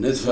ንትፈ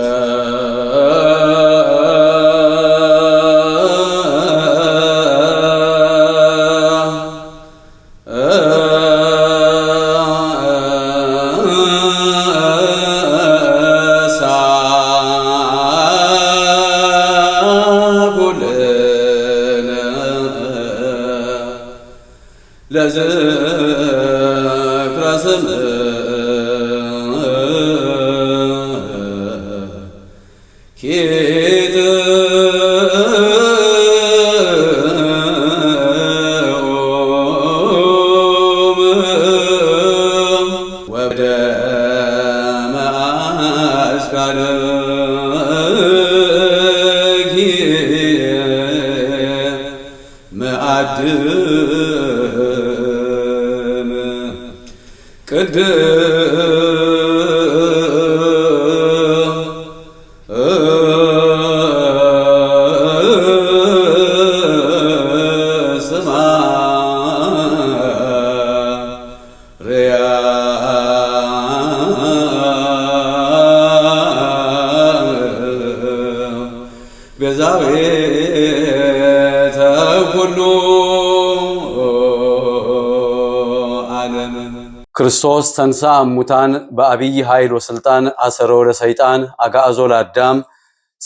ክርስቶስ ተንሳ እሙታን በአብይ ኃይል ወስልጣን አሰሮ ለሰይጣን አጋዕዞ ለአዳም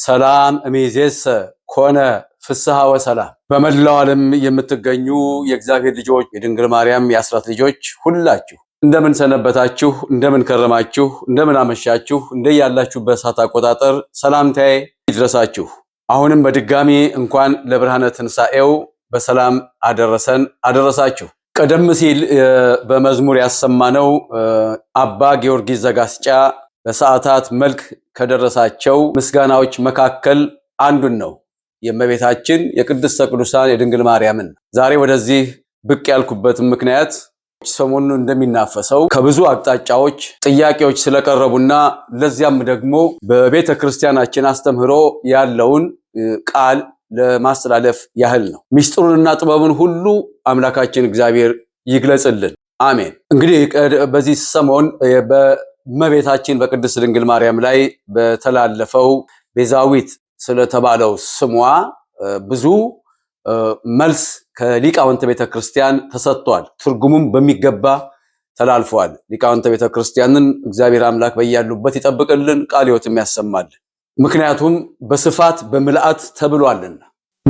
ሰላም እሚዜሰ ኮነ ፍስሐ ወሰላም። በመላው ዓለም የምትገኙ የእግዚአብሔር ልጆች የድንግል ማርያም የአስራት ልጆች ሁላችሁ እንደምን ሰነበታችሁ፣ እንደምን ከረማችሁ፣ እንደምን አመሻችሁ። እንደያላችሁበት ሰዓት አቆጣጠር ሰላምታዬ ይድረሳችሁ። አሁንም በድጋሚ እንኳን ለብርሃነ ትንሣኤው በሰላም አደረሰን አደረሳችሁ። ቀደም ሲል በመዝሙር ያሰማነው አባ ጊዮርጊስ ዘጋስጫ በሰዓታት መልክ ከደረሳቸው ምስጋናዎች መካከል አንዱን ነው የእመቤታችን የቅድስተ ቅዱሳን የድንግል ማርያምን ዛሬ ወደዚህ ብቅ ያልኩበትም ምክንያት ሰሞኑን እንደሚናፈሰው ከብዙ አቅጣጫዎች ጥያቄዎች ስለቀረቡና ለዚያም ደግሞ በቤተ ክርስቲያናችን አስተምህሮ ያለውን ቃል ለማስተላለፍ ያህል ነው። ምስጢሩንና ጥበቡን ሁሉ አምላካችን እግዚአብሔር ይግለጽልን። አሜን። እንግዲህ በዚህ ሰሞን በእመቤታችን በቅድስት ድንግል ማርያም ላይ በተላለፈው ቤዛዊት ስለተባለው ስሟ ብዙ መልስ ከሊቃውንተ ቤተክርስቲያን ተሰጥቷል። ትርጉሙም በሚገባ ተላልፏል። ሊቃውንተ ቤተክርስቲያንን እግዚአብሔር አምላክ በያሉበት ይጠብቅልን፣ ቃለ ሕይወትም ያሰማልን። ምክንያቱም በስፋት በምልአት ተብሏልና።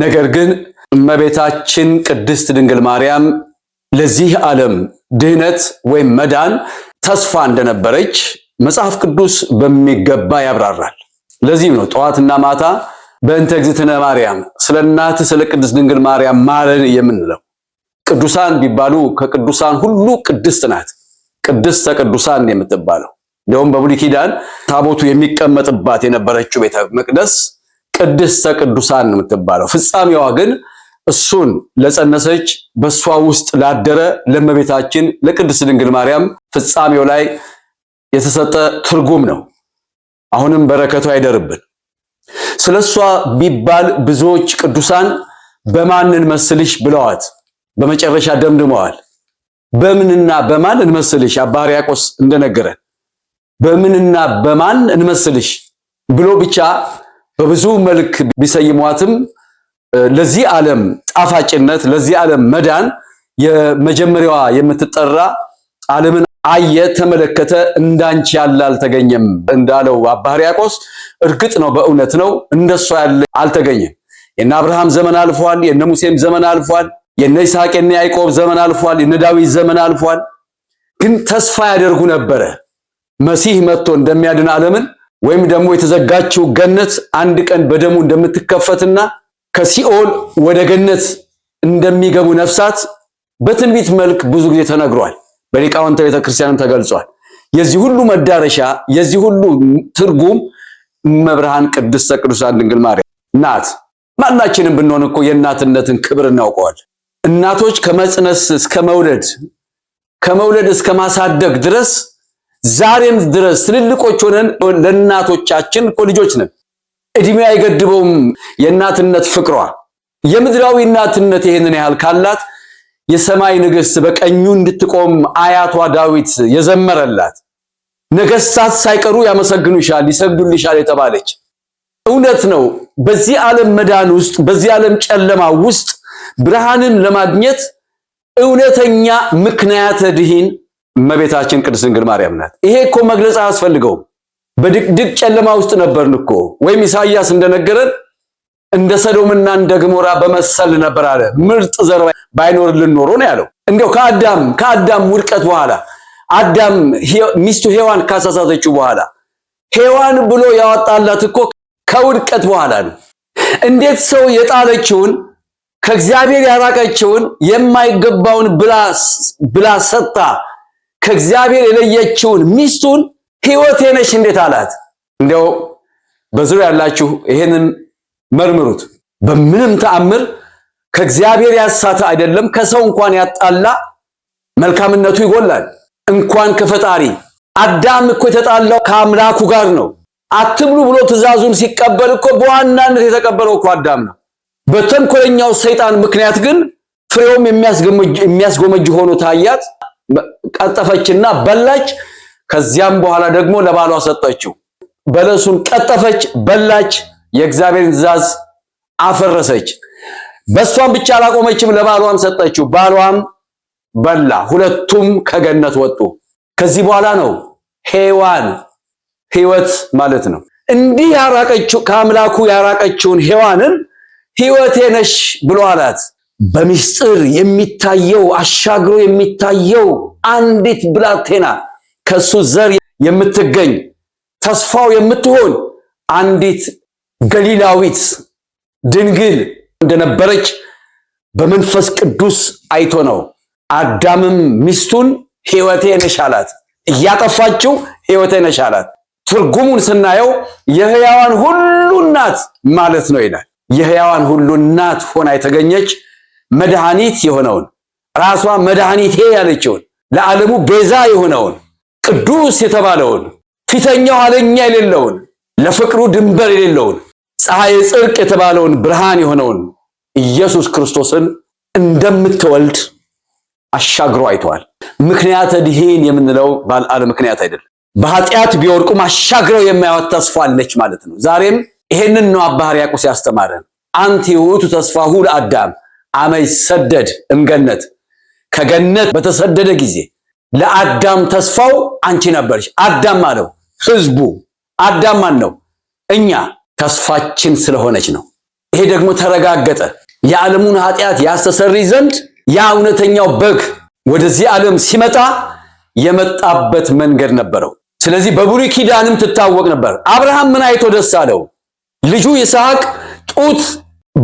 ነገር ግን እመቤታችን ቅድስት ድንግል ማርያም ለዚህ ዓለም ድህነት ወይም መዳን ተስፋ እንደነበረች መጽሐፍ ቅዱስ በሚገባ ያብራራል። ለዚህም ነው ጠዋትና ማታ በእንተ እግዝእትነ ማርያም ስለ እናት ስለ ቅድስት ድንግል ማርያም ማረን የምንለው ቅዱሳን ቢባሉ ከቅዱሳን ሁሉ ቅድስት ናት። ቅድስተ ቅዱሳን የምትባለው እንዲሁም በብሉይ ኪዳን ታቦቱ የሚቀመጥባት የነበረችው ቤተ መቅደስ ቅድስተ ቅዱሳን የምትባለው ፍጻሜዋ ግን እሱን ለጸነሰች በእሷ ውስጥ ላደረ ለመቤታችን ለቅድስት ድንግል ማርያም ፍጻሜው ላይ የተሰጠ ትርጉም ነው። አሁንም በረከቱ አይደርብን። ስለ እሷ ቢባል ብዙዎች ቅዱሳን በማን እንመስልሽ ብለዋት በመጨረሻ ደምድመዋል። በምንና በማን እንመስልሽ? አባ ሕርያቆስ እንደነገረን በምንና በማን እንመስልሽ ብሎ ብቻ በብዙ መልክ ቢሰይሟትም ለዚህ ዓለም ጣፋጭነት ለዚህ ዓለም መዳን የመጀመሪያዋ የምትጠራ ዓለምን አየ ተመለከተ፣ እንዳንቺ ያለ አልተገኘም እንዳለው አባ ሕርያቆስ እርግጥ ነው በእውነት ነው፣ እንደሷ ያለ አልተገኘም። የነ አብርሃም ዘመን አልፏል፣ የነ ሙሴም ዘመን አልፏል፣ የነ ይስሐቅ የነ ያዕቆብ ዘመን አልፏል፣ የነ ዳዊት ዘመን አልፏል። ግን ተስፋ ያደርጉ ነበረ መሲህ መጥቶ እንደሚያድን ዓለምን ወይም ደግሞ የተዘጋችው ገነት አንድ ቀን በደሙ እንደምትከፈትና ከሲኦል ወደ ገነት እንደሚገቡ ነፍሳት በትንቢት መልክ ብዙ ጊዜ ተነግሯል። በሊቃውንተ ቤተክርስቲያንም ተገልጿል። የዚህ ሁሉ መዳረሻ የዚህ ሁሉ ትርጉም እመብርሃን ቅድስተ ቅዱሳን ድንግል ማርያም ናት። ማናችንም ብንሆን እኮ የእናትነትን ክብር እናውቀዋል። እናቶች ከመጽነስ እስከ መውለድ ከመውለድ እስከ ማሳደግ ድረስ ዛሬም ድረስ ትልልቆች ሆነን ለእናቶቻችን እኮ ልጆች ነን። እድሜ አይገድበውም የእናትነት ፍቅሯ የምድራዊ እናትነት ይሄንን ያህል ካላት የሰማይ ንግሥት በቀኙ እንድትቆም አያቷ ዳዊት የዘመረላት ነገስታት ሳይቀሩ ያመሰግኑሻል፣ ይሰግዱልሻል የተባለች እውነት ነው። በዚህ ዓለም መዳን ውስጥ በዚህ ዓለም ጨለማ ውስጥ ብርሃንን ለማግኘት እውነተኛ ምክንያተ ድኅነት እመቤታችን ቅድስት ድንግል ማርያም ናት። ይሄ እኮ መግለጽ አያስፈልገውም። በድቅድቅ ጨለማ ውስጥ ነበርን እኮ ወይም ኢሳይያስ እንደነገረን እንደ ሰዶምና እንደ ገሞራ በመሰል ነበር አለ። ምርጥ ዘር ባይኖር ኖሮ ነው ያለው። እንዲያው ከአዳም ከአዳም ውድቀት በኋላ አዳም ሚስቱ ሔዋን ካሳሳተችው በኋላ ሔዋን ብሎ ያወጣላት እኮ ከውድቀት በኋላ ነው። እንዴት ሰው የጣለችውን ከእግዚአብሔር ያራቀችውን የማይገባውን ብላ ሰጥታ ከእግዚአብሔር የለየችውን ሚስቱን ሕይወቴ ነሽ እንዴት አላት? እንዲያው በዙሪያ ያላችሁ ይሄንን መርምሩት። በምንም ተአምር ከእግዚአብሔር ያሳተ አይደለም። ከሰው እንኳን ያጣላ መልካምነቱ ይጎላል። እንኳን ከፈጣሪ አዳም እኮ የተጣላው ከአምላኩ ጋር ነው። አትብሉ ብሎ ትእዛዙን ሲቀበል እኮ በዋናነት የተቀበለው እኮ አዳም ነው። በተንኮለኛው ሰይጣን ምክንያት ግን ፍሬውም የሚያስጎመጅ ሆኖ ታያት። ቀጠፈችና በላች። ከዚያም በኋላ ደግሞ ለባሏ ሰጠችው። በለሱን ቀጠፈች፣ በላች። የእግዚአብሔርን ትእዛዝ አፈረሰች። በእሷም ብቻ አላቆመችም፣ ለባሏም ሰጠችው፣ ባሏም በላ፣ ሁለቱም ከገነት ወጡ። ከዚህ በኋላ ነው ሔዋን ህይወት ማለት ነው። እንዲህ ያራቀችው ከአምላኩ ያራቀችውን ሔዋንን ህይወቴ ነሽ ብሎ አላት። በምስጢር የሚታየው አሻግሮ የሚታየው አንዲት ብላቴና ከሱ ዘር የምትገኝ ተስፋው የምትሆን አንዲት ገሊላዊት ድንግል እንደነበረች በመንፈስ ቅዱስ አይቶ ነው። አዳምም ሚስቱን ሕይወቴ ነሽ አላት። እያጠፋችው ሕይወቴ ነሽ አላት። ትርጉሙን ስናየው የሕያዋን ሁሉ እናት ማለት ነው ይላል። የሕያዋን ሁሉ እናት ሆና የተገኘች መድኃኒት የሆነውን ራሷ መድኃኒቴ ያለችውን ለዓለሙ ቤዛ የሆነውን ቅዱስ የተባለውን ፊተኛው ኋለኛ የሌለውን ለፍቅሩ ድንበር የሌለውን ፀሐይ ጽድቅ የተባለውን ብርሃን የሆነውን ኢየሱስ ክርስቶስን እንደምትወልድ አሻግሮ አይተዋል። ምክንያተ ድኂን የምንለው ባልአለ ምክንያት አይደለም። በኃጢአት ቢወድቁም አሻግረው የማያወት ተስፋ አለች ማለት ነው። ዛሬም ይሄንን ነው አባ ሕርያቆስ ያስተማረን። አንቲ ውእቱ ተስፋሁ ለአዳም አመይ ሰደድ እምገነት። ከገነት በተሰደደ ጊዜ ለአዳም ተስፋው አንቺ ነበርሽ። አዳም አለው ህዝቡ። አዳም ማን ነው? እኛ ተስፋችን ስለሆነች ነው። ይሄ ደግሞ ተረጋገጠ። የዓለሙን ኃጢአት ያስተሰሪ ዘንድ ያ እውነተኛው በግ ወደዚህ ዓለም ሲመጣ የመጣበት መንገድ ነበረው። ስለዚህ በብሉይ ኪዳንም ትታወቅ ነበር። አብርሃም ምን አይቶ ደስ አለው? ልጁ ይስሐቅ ጡት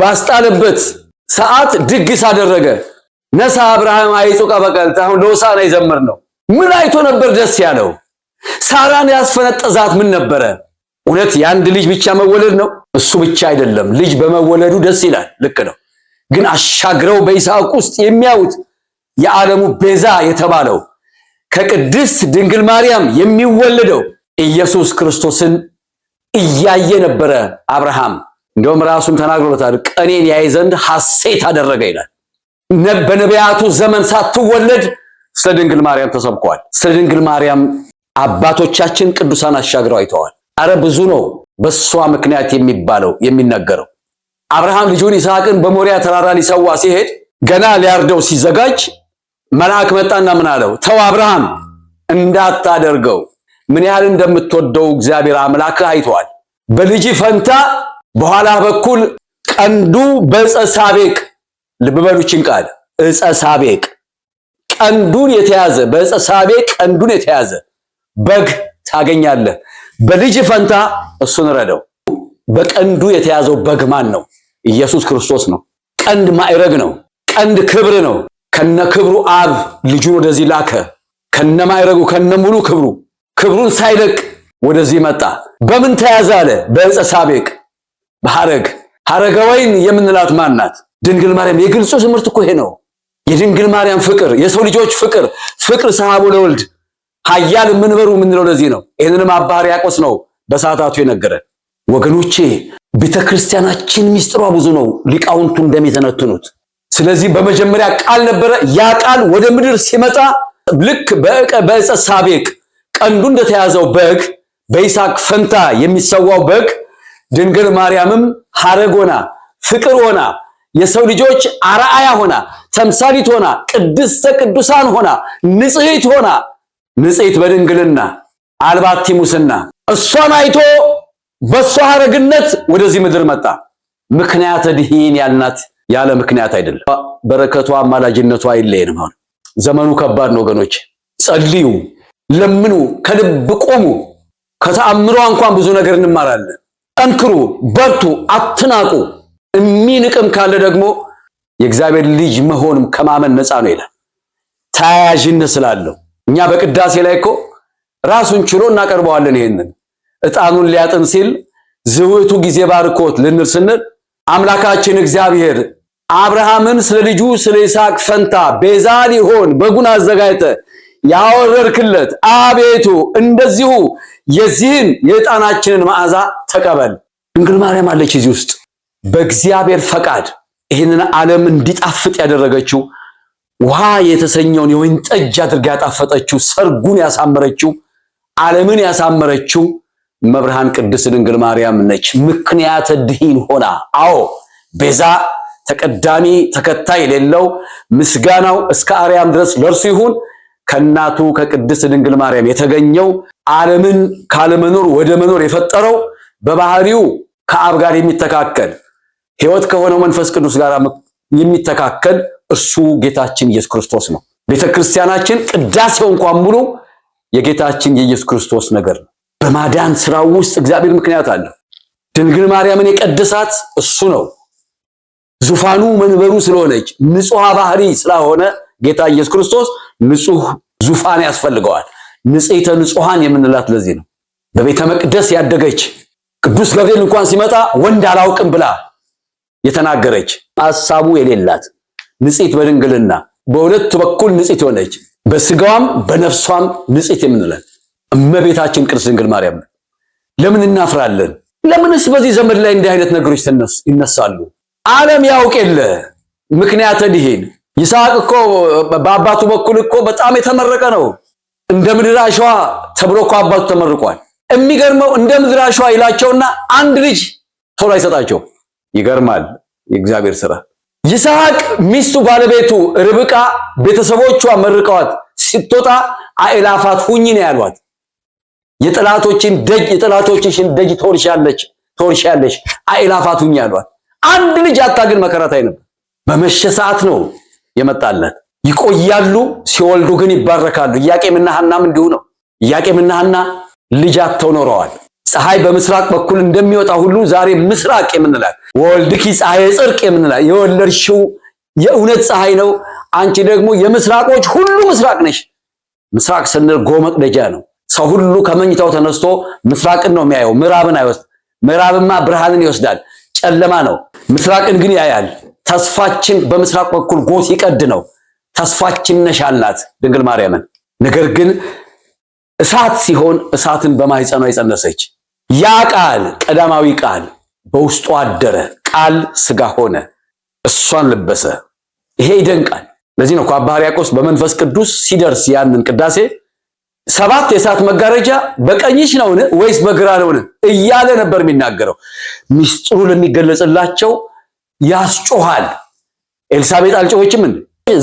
ባስጣለበት ሰዓት ድግስ አደረገ። ነሳ አብርሃም አይጾቃ በቀል አሁን ለሆሳዕና ይዘምር ነው። ምን አይቶ ነበር ደስ ያለው? ሳራን ያስፈነጠዛት ምን ነበረ? እውነት የአንድ ልጅ ብቻ መወለድ ነው? እሱ ብቻ አይደለም። ልጅ በመወለዱ ደስ ይላል፣ ልክ ነው። ግን አሻግረው በይስሐቅ ውስጥ የሚያዩት የዓለሙ ቤዛ የተባለው ከቅድስት ድንግል ማርያም የሚወለደው ኢየሱስ ክርስቶስን እያየ ነበረ አብርሃም። እንደውም ራሱም ተናግሮታል። ቀኔን ያይ ዘንድ ሐሴት አደረገ ይላል። በነቢያቱ ዘመን ሳትወለድ ስለ ድንግል ማርያም ተሰብከዋል። ስለ ድንግል ማርያም አባቶቻችን ቅዱሳን አሻግረው አይተዋል። አረ ብዙ ነው በሷ ምክንያት የሚባለው የሚነገረው። አብርሃም ልጁን ይስሐቅን በሞሪያ ተራራ ሊሰዋ ሲሄድ ገና ሊያርደው ሲዘጋጅ መልአክ መጣና ምን አለው? ተው አብርሃም እንዳታደርገው ምን ያህል እንደምትወደው እግዚአብሔር አምላክ አይቷል። በልጅ ፈንታ በኋላ በኩል ቀንዱ በዕፀ ሳቤቅ ልብ በሉችን ቃል ዕፀ ሳቤቅ ቀንዱን የተያዘ በዕፀ ሳቤቅ ቀንዱን የተያዘ በግ ታገኛለህ። በልጅ ፈንታ እሱን ረደው። በቀንዱ የተያዘው በግ ማን ነው? ኢየሱስ ክርስቶስ ነው። ቀንድ ማዕረግ ነው። ቀንድ ክብር ነው። ከነ ክብሩ አብ ልጁን ወደዚህ ላከ። ከነ ማዕረጉ ከነ ሙሉ ክብሩ ክብሩን ሳይለቅ ወደዚህ መጣ። በምን ተያዘ አለ? በዕፀ ሳቤቅ በሐረግ ሐረገ ወይን የምንላት ማናት? ድንግል ማርያም። የግልጹ ትምህርት እኮ ይሄ ነው። የድንግል ማርያም ፍቅር፣ የሰው ልጆች ፍቅር፣ ፍቅር ሰሃቡ ለወልድ ኃያል ምንበሩ የምንለው ለዚህ ነው። ይህንንም አባ ሕርያቆስ ነው በሰዓታቱ የነገረ ወገኖቼ ቤተ ክርስቲያናችን ብዙ ነው፣ ሊቃውንቱ እንደሚተነትኑት። ስለዚህ በመጀመሪያ ቃል ነበረ፣ ያ ቃል ወደ ምድር ሲመጣ ልክ በዕፀ ሳቤቅ ቀንዱ እንደተያዘው በግ በይስሐቅ ፈንታ የሚሰዋው በግ ድንግል ማርያምም ሐረግ ሆና ፍቅር ሆና የሰው ልጆች አርአያ ሆና ተምሳሊት ሆና ቅድስተ ቅዱሳን ሆና ንጽሕት ሆና ንጽሕት በድንግልና አልባቲ ሙስና እሷን አይቶ በእሷ አረግነት ወደዚህ ምድር መጣ። ምክንያት ድኂን ያልናት ያለ ምክንያት አይደለም። በረከቷ አማላጅነቷ አይለየንም። አሁን ዘመኑ ከባድ ነው ወገኖች፣ ጸልዩ፣ ለምኑ፣ ከልብ ቁሙ። ከተአምሯ እንኳን ብዙ ነገር እንማራለን። ጠንክሩ፣ በርቱ፣ አትናቁ። የሚንቅም ካለ ደግሞ የእግዚአብሔር ልጅ መሆንም ከማመን ነፃ ነው ይላል ተያያዥነት ስላለው እኛ በቅዳሴ ላይ እኮ ራሱን ችሎ እናቀርበዋለን። ይሄንን ዕጣኑን ሊያጥን ሲል ዝውቱ ጊዜ ባርኮት ልንል ስንል አምላካችን እግዚአብሔር አብርሃምን ስለ ልጁ ስለ ይስሐቅ ፈንታ ቤዛ ሊሆን በጉን አዘጋጅተ ያወረርክለት አቤቱ እንደዚሁ የዚህን የዕጣናችንን መዓዛ ተቀበል። ድንግል ማርያም አለች እዚህ ውስጥ በእግዚአብሔር ፈቃድ ይህንን ዓለም እንዲጣፍጥ ያደረገችው ውሃ የተሰኘውን የወይን ጠጅ አድርጋ ያጣፈጠችው፣ ሰርጉን ያሳመረችው፣ ዓለምን ያሳመረችው መብርሃን ቅድስት ድንግል ማርያም ነች። ምክንያተ ድኂን ሆና አዎ ቤዛ ተቀዳሚ ተከታይ የሌለው ምስጋናው እስከ አርያም ድረስ ለእርሱ ይሁን። ከእናቱ ከቅድስት ድንግል ማርያም የተገኘው ዓለምን ካለመኖር ወደ መኖር የፈጠረው በባህሪው ከአብ ጋር የሚተካከል ሕይወት ከሆነው መንፈስ ቅዱስ ጋር የሚተካከል እሱ ጌታችን ኢየሱስ ክርስቶስ ነው። ቤተ ክርስቲያናችን ቅዳሴው እንኳን ሙሉ የጌታችን የኢየሱስ ክርስቶስ ነገር ነው። በማዳን ስራው ውስጥ እግዚአብሔር ምክንያት አለው። ድንግል ማርያምን የቀደሳት እሱ ነው። ዙፋኑ መንበሩ ስለሆነች ንጹሐ ባህሪ ስላሆነ ጌታ ኢየሱስ ክርስቶስ ንጹህ ዙፋን ያስፈልገዋል። ንጽሕተ ንጹሐን የምንላት ለዚህ ነው። በቤተ መቅደስ ያደገች ቅዱስ ገብርኤል እንኳን ሲመጣ ወንድ አላውቅም ብላ የተናገረች ሐሳቡ የሌላት ንጽሕት በድንግልና በሁለቱ በኩል ንጽሕት የሆነች በስጋዋም በነፍሷም ንጽሕት የምንለን እመቤታችን ቅድስት ድንግል ማርያም ለምን እናፍራለን? ለምንስ በዚህ ዘመን ላይ እንዲህ አይነት ነገሮች ይነሳሉ? ዓለም ያውቅ የለ ምክንያተ ድኂን ይስሐቅ እኮ በአባቱ በኩል እኮ በጣም የተመረቀ ነው። እንደ ምድር አሸዋ ተብሎ እኮ አባቱ ተመርቋል። የሚገርመው እንደ ምድር አሸዋ ይላቸውና አንድ ልጅ ቶሎ አይሰጣቸው። ይገርማል የእግዚአብሔር ስራ። ይስሐቅ ሚስቱ ባለቤቱ ርብቃ ቤተሰቦቿ መርቀዋት ስትወጣ አእላፋት ሁኝ ነው ያሏት። የጠላቶችን ደጅ የጠላቶችሽን ደጅ ትወርሻለች ትወርሻለች አእላፋት ሁኝ ያሏት። አንድ ልጅ አታግል መከራታይ ነበር። በመሸ ሰዓት ነው የመጣለት። ይቆያሉ ሲወልዱ ግን ይባረካሉ። ኢያቄምና ሐናም እንዲሁ ነው። ኢያቄምና ሐና ልጅ አተው ኖረዋል። ፀሐይ በምስራቅ በኩል እንደሚወጣ ሁሉ ዛሬ ምስራቅ የምንላት ወልድኪ ፀሐይ ጽርቅ የምንላ የወለድሽው የእውነት ፀሐይ ነው። አንቺ ደግሞ የምስራቆች ሁሉ ምስራቅ ነሽ። ምስራቅ ስንል ጎ መቅደጃ ነው። ሰው ሁሉ ከመኝታው ተነስቶ ምስራቅን ነው የሚያየው፣ ምዕራብን አይወስድ። ምዕራብማ ብርሃንን ይወስዳል፣ ጨለማ ነው። ምስራቅን ግን ያያል። ተስፋችን በምስራቅ በኩል ጎት ሲቀድ ነው። ተስፋችን ነሽ አልናት ድንግል ማርያምን። ነገር ግን እሳት ሲሆን እሳትን በማህፀኗ የጸነሰች ያ ቃል ቀዳማዊ ቃል በውስጡ አደረ፣ ቃል ስጋ ሆነ፣ እሷን ለበሰ። ይሄ ይደንቃል። ለዚህ ነው አባ ሕርያቆስ በመንፈስ ቅዱስ ሲደርስ ያንን ቅዳሴ ሰባት የእሳት መጋረጃ በቀኝሽ ነውን ወይስ በግራ ነውን እያለ ነበር የሚናገረው። ሚስጥሩ ለሚገለጽላቸው ያስጮሃል። ኤልሳቤጥ አልጮኸችም እንዴ?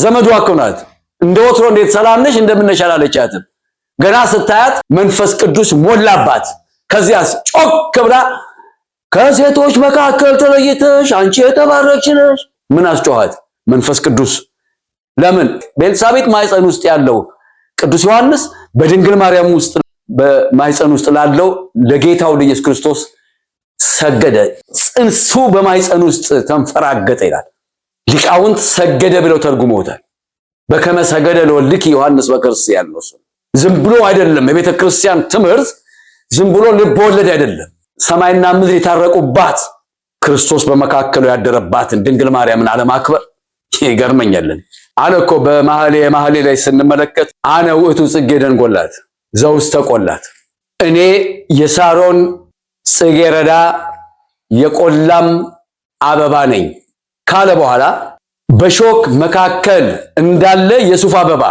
ዘመዷ እኮ ናት። እንደ ወትሮ እንዴት ሰላም ነሽ እንደምነሽ አላለቻትም። ገና ስታያት መንፈስ ቅዱስ ሞላባት። ከዚያስ ጮክ ብላ ከሴቶች መካከል ተለይተሽ አንቺ የተባረክሽ ነሽ። ምን አስጨዋት መንፈስ ቅዱስ። ለምን ቤልሳቤጥ ማይፀን ውስጥ ያለው ቅዱስ ዮሐንስ በድንግል ማርያም ውስጥ በማይፀን ውስጥ ላለው ለጌታው ለኢየሱስ ክርስቶስ ሰገደ። ጽንሱ በማይፀን ውስጥ ተንፈራገጠ ይላል ሊቃውንት። ሰገደ ብለው ተርጉመውታል። በከመ ሰገደ ለወልድኪ ዮሐንስ በክርስቲያን ነው። ዝም ብሎ አይደለም። የቤተ ክርስቲያን ትምህርት ዝም ብሎ ልብ ወለድ አይደለም። ሰማይና ምድር የታረቁባት ክርስቶስ በመካከሉ ያደረባትን ድንግል ማርያምን አለማክበር ይገርመኛልን። አለ እኮ በማህሌ ማህሌ ላይ ስንመለከት አነ ውእቱ ጽጌ ደንጎላት ዘውስተ ቆላት፣ እኔ የሳሮን ጽጌ ረዳ የቆላም አበባ ነኝ ካለ በኋላ በሾክ መካከል እንዳለ የሱፍ አበባ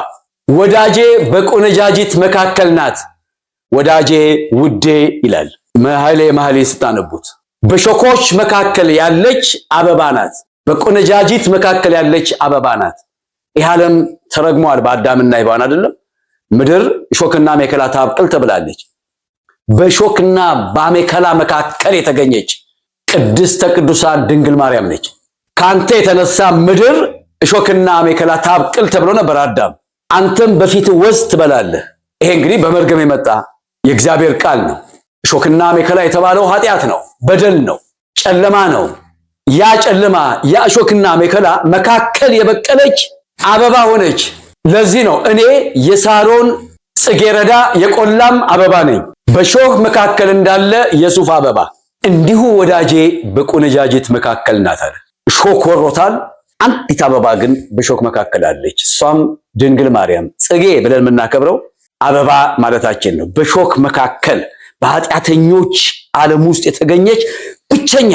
ወዳጄ በቆነጃጅት መካከል ናት፣ ወዳጄ ውዴ ይላል። ኃይለ የማህሌ ስታነቡት በሾኮች መካከል ያለች አበባ ናት። በቆነጃጅት መካከል ያለች አበባ ናት። ይህ ዓለም ተረግሟል በአዳምና ሔዋን አይደለም። ምድር እሾክና ሜከላ ታብቅል ተብላለች። በሾክና በሜከላ መካከል የተገኘች ቅድስተ ቅዱሳን ድንግል ማርያም ነች። ከአንተ የተነሳ ምድር እሾክና ሜከላ ታብቅል ተብሎ ነበር አዳም። አንተም በፊት ወዝ ትበላለህ። ይሄ እንግዲህ በመርገም የመጣ የእግዚአብሔር ቃል ነው። እሾክና አሜከላ የተባለው ኃጢአት ነው፣ በደል ነው፣ ጨለማ ነው። ያ ጨለማ ያ እሾክና አሜከላ መካከል የበቀለች አበባ ሆነች። ለዚህ ነው እኔ የሳሮን ጽጌረዳ የቆላም አበባ ነኝ፣ በሾህ መካከል እንዳለ የሱፍ አበባ እንዲሁ ወዳጄ በቁነጃጅት መካከል ናት አለ። ሾክ ወሮታል። አንዲት አበባ ግን በሾክ መካከል አለች። እሷም ድንግል ማርያም ጽጌ ብለን የምናከብረው አበባ ማለታችን ነው። በሾክ መካከል በኃጢአተኞች ዓለም ውስጥ የተገኘች ብቸኛ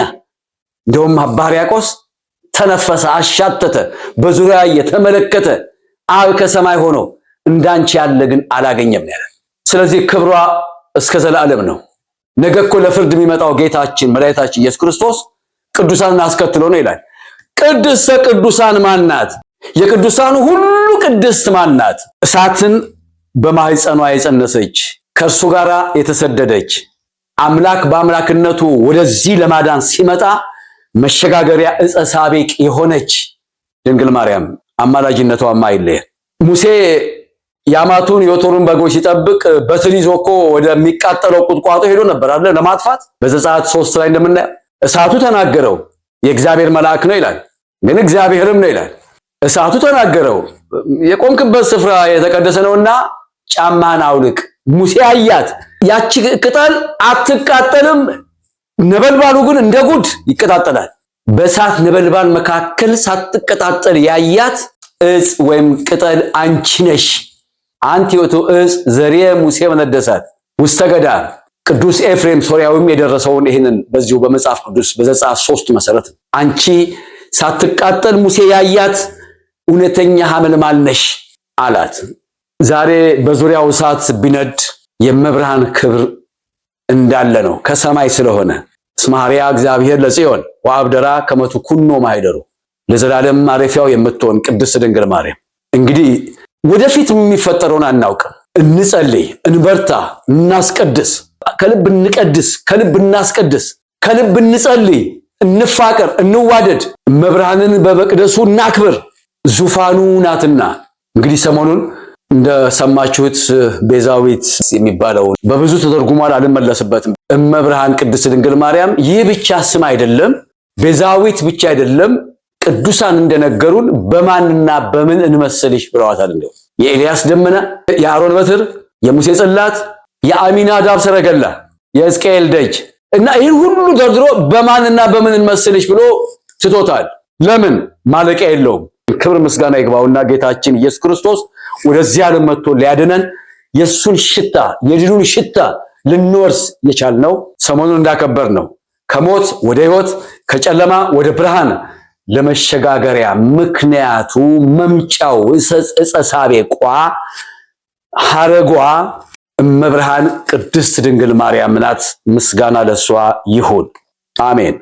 እንደውም አባ ሕርያቆስ ተነፈሰ፣ አሻተተ፣ በዙሪያ የተመለከተ አብ ከሰማይ ሆኖ እንዳንቺ ያለ ግን አላገኘም ያለ። ስለዚህ ክብሯ እስከ ዘላለም ነው። ነገ እኮ ለፍርድ የሚመጣው ጌታችን መድኃኒታችን ኢየሱስ ክርስቶስ ቅዱሳንን አስከትሎ ነው ይላል። ቅድስተ ቅዱሳን ማናት? የቅዱሳኑ ሁሉ ቅድስት ማናት? እሳትን በማህፀኗ የጸነሰች ከእርሱ ጋር የተሰደደች አምላክ በአምላክነቱ ወደዚህ ለማዳን ሲመጣ መሸጋገሪያ ዕፀ ሳቤቅ የሆነች ድንግል ማርያም አማላጅነቷማ አይለየ። ሙሴ የአማቱን የወተሩን በጎች ሲጠብቅ በትር ይዞ እኮ ወደሚቃጠለው ቁጥቋጦ ሄዶ ነበር አለ ለማጥፋት። በዘጸአት ሶስት ላይ እንደምናየው እሳቱ ተናገረው የእግዚአብሔር መልአክ ነው ይላል፣ ግን እግዚአብሔርም ነው ይላል። እሳቱ ተናገረው የቆምክበት ስፍራ የተቀደሰ ነውና ጫማን አውልቅ ሙሴ አያት። ያቺ ቅጠል አትቃጠልም፣ ነበልባሉ ግን እንደ ጉድ ይቀጣጠላል። በእሳት ነበልባል መካከል ሳትቀጣጠል ያያት እጽ ወይም ቅጠል አንቺ ነሽ። አንቲ ውእቱ እጽ ዘርየ ሙሴ መነደሳት ውስተ ገዳም። ቅዱስ ኤፍሬም ሶርያዊም የደረሰውን ይህንን በዚሁ በመጽሐፍ ቅዱስ በዘጸአት ሶስት መሰረት አንቺ ሳትቃጠል ሙሴ ያያት እውነተኛ ሐመልማል ነሽ አላት። ዛሬ በዙሪያው እሳት ቢነድ የመብርሃን ክብር እንዳለ ነው፣ ከሰማይ ስለሆነ። ስማሪያ እግዚአብሔር ለጽዮን ወአብደራ ከመቱ ኩኖ ማይደሩ ለዘላለም ማረፊያው የምትሆን ቅድስት ድንግል ማርያም። እንግዲህ ወደፊት የሚፈጠረውን አናውቅም። እንጸልይ፣ እንበርታ፣ እናስቀድስ፣ ከልብ እንቀድስ፣ ከልብ እናስቀድስ፣ ከልብ እንጸልይ፣ እንፋቀር፣ እንዋደድ፣ መብርሃንን በመቅደሱ እናክብር፣ ዙፋኑ ናትና። እንግዲህ ሰሞኑን እንደሰማችሁት ቤዛዊት የሚባለውን በብዙ ተተርጉሟል፣ አልመለስበትም። እመብርሃን ቅድስት ድንግል ማርያም ይህ ብቻ ስም አይደለም፣ ቤዛዊት ብቻ አይደለም። ቅዱሳን እንደነገሩን በማንና በምን እንመስልሽ ብለዋታል። እንደው የኤልያስ ደመና፣ የአሮን በትር፣ የሙሴ ጽላት፣ የአሚናዳብ ሰረገላ፣ የሕዝቅኤል ደጅ እና ይህን ሁሉ ደርድሮ በማንና በምን እንመስልሽ ብሎ ትቶታል። ለምን ማለቂያ የለውም። ክብር ምስጋና ይግባውና ጌታችን ኢየሱስ ክርስቶስ ወደዚህ ዓለም መጥቶ ሊያድነን የእሱን ሽታ የድኑን ሽታ ልንወርስ የቻልነው ሰሞኑን እንዳከበር ነው። ከሞት ወደ ህይወት ከጨለማ ወደ ብርሃን ለመሸጋገሪያ ምክንያቱ መምጫው ዕፀ ሳቤቋ ሐረጓ እመብርሃን ቅድስት ድንግል ማርያም ናት። ምስጋና ለሷ ይሁን፣ አሜን።